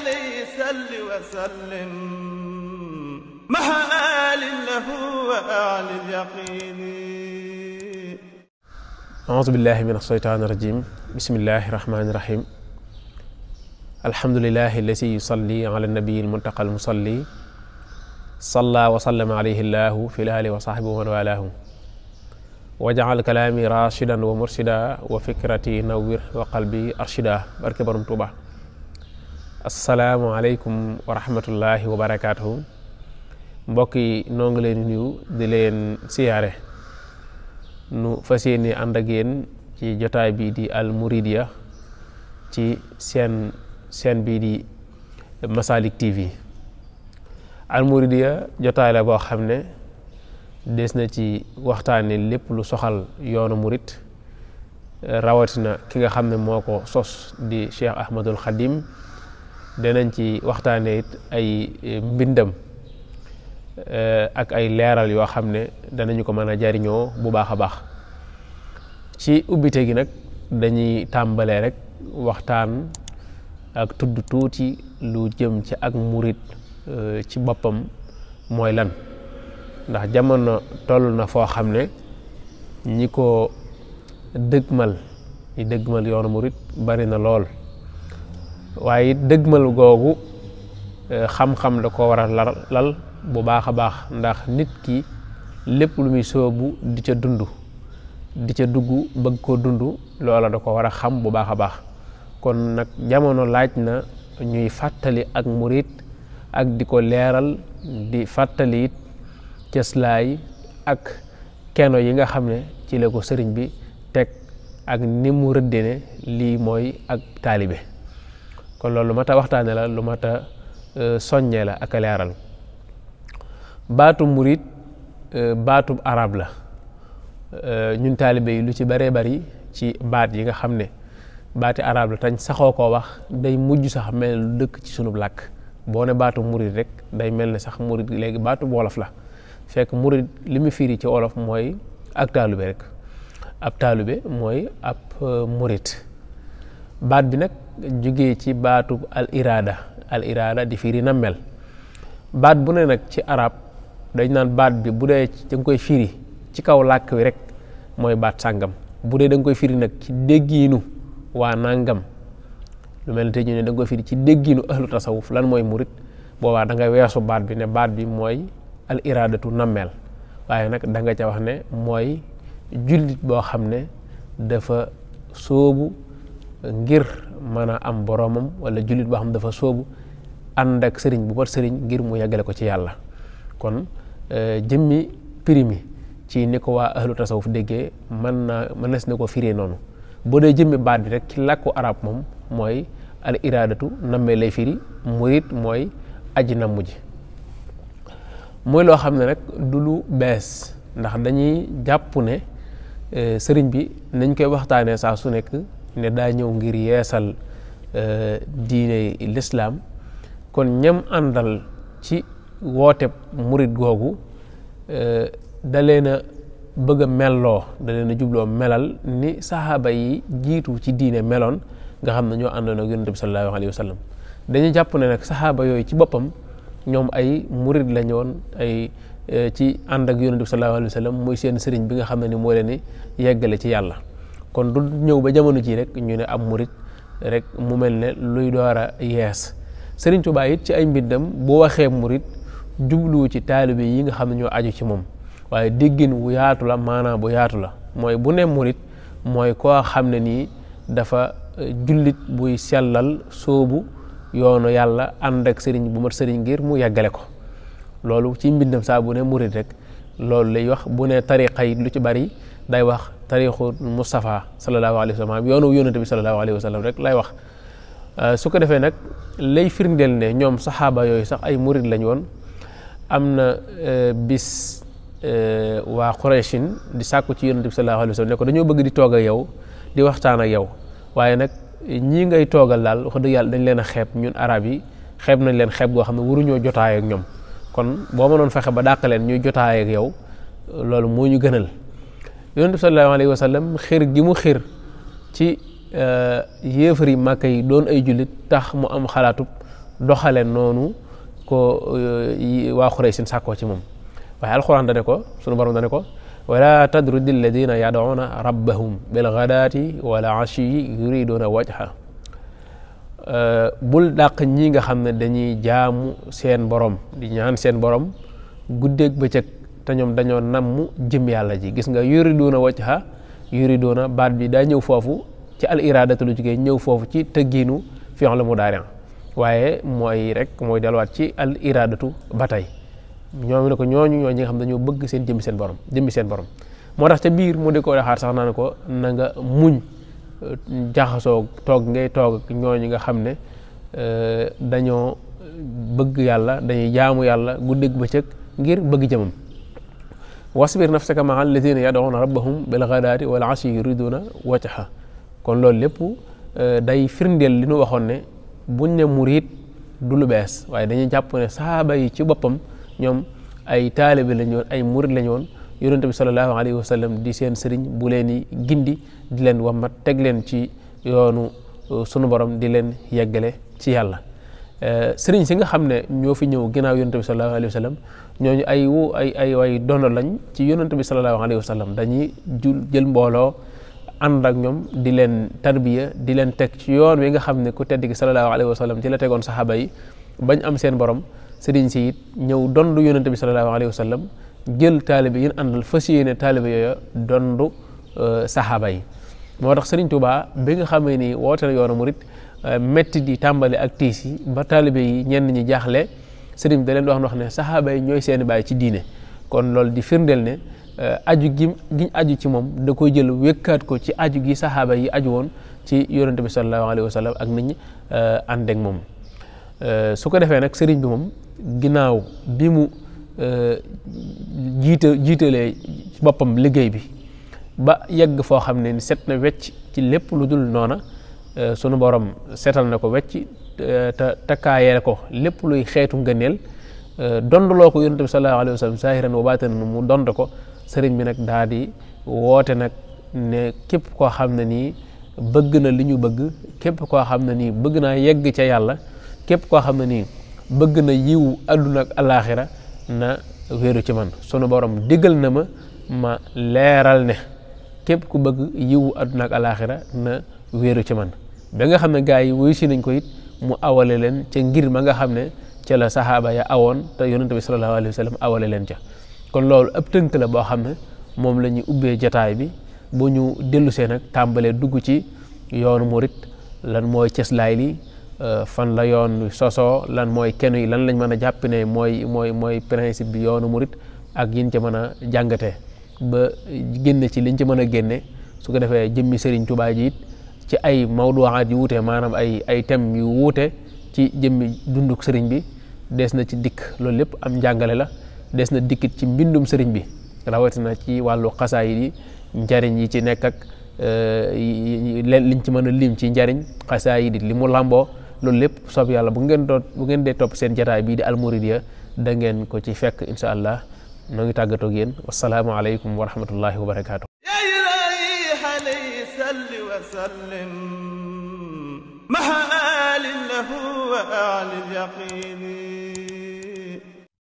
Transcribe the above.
عليه سل وسلم مع آل له وأعل اليقين أعوذ بالله من الشيطان الرجيم بسم الله الرحمن الرحيم الحمد لله الذي يصلي على النبي المنتقى المصلي صلى وسلم عليه الله في الأهل وصحبه ومن والاه وجعل كلامي راشدا ومرشدا وفكرتي نور وقلبي أرشدا بارك برم توبه asalaamualeykum wa rahmatullahi wa barakaatuhu mbokk yi noo ngi leen nuyu di leen siyaare nu fa yéene ànd ak yéen ci jotaay bii di al muridiya ci seen seen bii di Masalik TV al muridiya jotaay la boo xam ne des na ci waxtaane lépp lu soxal yoonu murit rawatina ki nga xam ne moo ko sos di Cheikh Ahmadul Xadim danañ ci waxtaanee it ay eh, mbindam eh, ak ay leeral yoo xam ne danañu ko mën a jariñoo bu baax a baax ci ubbite gi nag dañuy tàmbalee rek waxtaan ak tudd tuuti lu jëm ci ak murit eh, ci boppam mooy lan ndax jamono toll na foo xam ne ñi ko dëgmal ñi dëgmal yoonu murit bari na lool waaye it dëgmal googu eh, xam-xam da ko war a lal bu baax a baax ndax nit ki lépp lu muy bu di ca dund di ca dugg bëgg koo dund loola da ko war a xam bu baax a baax kon nag jamono laaj na ñuy fàttali ak murit ak di ko leeral di fàttali it cëslaay ak keno yi nga xam ne ci la ko sëriñ bi teg ak ni mu rëdde lii mooy ak taalibe kon loolu lu mat a waxtaane la lu mat a e, soññee la ak a baatu murit e, baatub arab la e, ñun taalibe yi lu ci baree bari ci baat yi nga xam ne baati arab la tañ saxoo koo wax day mujj sax mel lu dëkk ci sunub làkk boo ne baatu murit rek day mel ne sax murit léegi baatu wolof la fekk murit li mu firi ci wolof mooy ak taalube rek ab taalube mooy ab murit baat bi nag jóge ci baatu al iraada al iraada di firi na mel baat bu ne nag ci arab dañ naan baat bi bu dee da nga koy firi ci kaw làkk wi rek mooy baat sàngam bu dee da nga koy firi nag ci déggiinu waa nàngam lu mel ne da nga koy ci déggiinu ahlu tasawuf lan mooy murit boobaa da nga weesu baat bi ne baat bi mooy al iraadatu nammeel waaye nag danga ca wax ne mooy jullit boo xam ne dafa sóobu ngir mën a am boroomam wala jullit boo xam dafa soobu ànd ak sëriñ bu mat sëriñ ngir mu yeggale ko ci yàlla kon eh, jëmmi primi ci ni ko waa ahlu tasawuf déggee mën naa mënees na ko firee noonu boo dee jëmmi baat bi rek ci làkku arab moom mooy al iradatu nammee lay firi murit mooy aji namm ji mooy loo xam ne nag du lu bees ndax dañuy jàpp ne eh, sëriñ bi nañ koy waxtaanee saa su nekk ne daa ñëw ngir yeesal eh, diine lislaam kon ñam àndal ci woote murit googu eh, da leen a bëgg a melloo da leen jubloo melal ni saxaaba yi jiitu ci diine meloon nga xam ne ñoo àndoon ak yonent bi sallallahu alayhi wa jàpp nag saxaaba yooyu ci boppam ñoom ay murit lañu woon ay eh, ci ànd ak yonent bi sallallahu alayhi wa sallam muy seen sëriñ bi nga xam ne ni moo leen yeggale ci yàlla kon du ñëw ba jamono jii rek ñu ne am murit rek mu mel ne luy doora a yees Serigne Touba it ci ay mbindam bu waxee murit jubluwu ci taalibe yi nga xam ne ñoo aju ci moom waaye déggin wu yaatu la maanaam bu yaatu la mooy bu ne murit mooy koo xam ne nii dafa eh, jullit buy sellal soobu yoonu yàlla ànd ak sëriñ bu mat sëriñ ngir mu yàggale ko loolu ci mbindam saa bu ne murit rek loolu lay wax bu ne tariqa yi lu ci bari day wax tariixu mustafaa sallallahu alayhi wa sallam yoonu yónnate bi sallallahu alayhi wa sallam rek lay wax euh, su ko defee nag lay firndeel ne ñoom saxaaba yooyu sax ay murid lañ woon am na euh, bis euh, waa Qurayshin di sàkku ci yónnate bi sallallahu alayhi wa sallam dañoo bëgg di toog ak yow di waxtaan ak yow waaye nag ñii ngay toogal daal wax dëgg yàlla dañ leen a xeeb ñun arab yi xeeb nañ leen xeeb goo xam ne waruñoo jotaay ak ñoom kon boo mënoon fexe ba dàq leen ñuy jotaay ak yow loolu moo ñu gënal yonent bi sallallahu alayhi wa sallam xir gi mu xir ci euh, yéefar yi màkk yi doon ay jullit tax mu am xalaatub doxale noonu ko euh, waa Xuraysh sin sàkkoo ci moom waaye alxuraan ko sunu borom dane ko wala tadrudi alladina yad'una rabbahum bilghadaati wala ashiyi yuriduna wajha euh, bul dàq ñi nga xam ne dañuy jaamu seen borom di ñaan seen borom guddeeg bëccëg te ñoom dañoo namm jëm yàlla ji gis nga yuriduuna wajha yuriduuna baat bi daa ñëw foofu ci al iradatu lu jógee ñëw foofu ci tëggiinu fi'l mudaari' waaye mooy rek mooy delluwaat ci al iradatu ba tey ñoom ne ko ñooñu ñoo ñi nga xam dañoo bëgg seen jëmmi seen borom jëmmi seen borom moo tax ca biir mu di ko daxaar sax naan ko na nga muñ jaxasoo toog ngay toog ñooñu nga xam ne eh, dañoo bëgg yàlla dañuy jaamu yàlla ba bëccëg ngir bëgg jëmam wasbir nafsaka maa alladina yad'una rabbahum bil ghadaati wal ashi yuriduna wajha kon loolu lépp euh, day firndeel li ñu waxoon ne buñ ne murid du lu bees waaye dañuy jàpp ne sahaaba yi ci boppam ñoom ay taalibe lañu ay murid lañu woon yonente bi sallallahu alayhi wa sallam di seen sëriñ bu leen di gindi di leen wamat teg leen ci yoonu euh, sunu borom di leen yeggale ci yàlla sëriñ si nga xam ne ñoo fi ñëw ginnaaw yonent bi sallallahu alayhi wa sallam ñooñu ay wu ay ay way dono lañ ci yonent bi sallallahu alayhi wa sallam dañuy jul jël mbooloo ànd ak ñoom di leen tarbiya di leen teg ci yoon wi nga xam ne ku tedd gi sallallahu alayhi wa sallam ci la tegoon saxaaba yi bañ am seen borom sëriñ si it ñëw dondu yonent bi sallallahu alayhi wa sallam jël taalibe yi àndal fas yéene taalibe yooyu dondu euh, saxaaba yi moo tax sëriñ Tuubaa bi nga xamee ni woote yoonu murit Euh, métti di tàmbali ak tiis yi ba taalibe yi ñenn ñi jaaxle sëriñ bi da leen di wax wax ne saxaaba yi ñooy seeni baay ci diine kon loolu di firndeel ne euh, aju gi giñ aju ci moom da koy jël wékkaat ko ci aju gi saxaaba yi aju woon ci yonente bi sallallahu alayhi wa sallam ak nit ñi euh, ànd ak moom su ko defee nag sëriñ bi moom ginnaaw bi mu jiita jiitalee boppam liggéey bi ba yegg foo xam ne ni set na wecc ci lépp lu dul noona sunu borom setal na ko wecc ta takkaayee ko lépp luy xeetu ngëneel dondloo ko yonent bi sallallahu alayhi wa sallam saahiran wa baatinan mu dond ko sëriñ bi nag daa di woote nag ne képp koo xam ne nii bëgg na li ñu bëgg képp koo xam ne nii bëgg naa yegg ca yàlla képp koo xam ne nii bëgg na yiwu àdduna ak alaaxira na wéeru ci man sunu borom diggal na ma ma leeral ne képp ku bëgg yiwu àdduna ak alaaxira na wéeru ci man ba nga xam ne gaa yi wuyu si nañ ko it mu awale leen ca ngir ma nga xam ne ca la saxaaba ya awoon te yonente bi sallallahu alayhi wa sallam awale leen ca kon loolu ab tënk la boo xam ne moom la ñu jataay bi bu ñu dellu see nag tàmbalee dugg ci yoonu murit lan mooy cëslaay li euh, fan la yoon sosoo lan mooy kenu yi lan lañ mën a jàpp ne mooy mooy mooy principe bi yoonu murit ak yin ca mën a jàngatee ba génne ci liñ ci mën a génne su ko defee jëmmi Serigne Touba ji it ci ay mawduat yu wuté manam ay ay tem yu wuté ci jëmm dunduk sëriñ bi dess na ci dik lool lepp am jangalé la dess na dikkit ci mbindum sëriñ bi na ci walu xasaay yi njariñ yi ci nek ak euh liñ ci mëna lim ci njariñ xasaay yi li mu làmboo loolu lépp bu ngeen do bu ngeen dé top seen jotaay bi di almuridiya da ngeen ko ci fekk inshallah allah noo ngi tàggatoog yéen wa rahmatullahi wa barakatuh وسلم مهال له وأعلى اليقين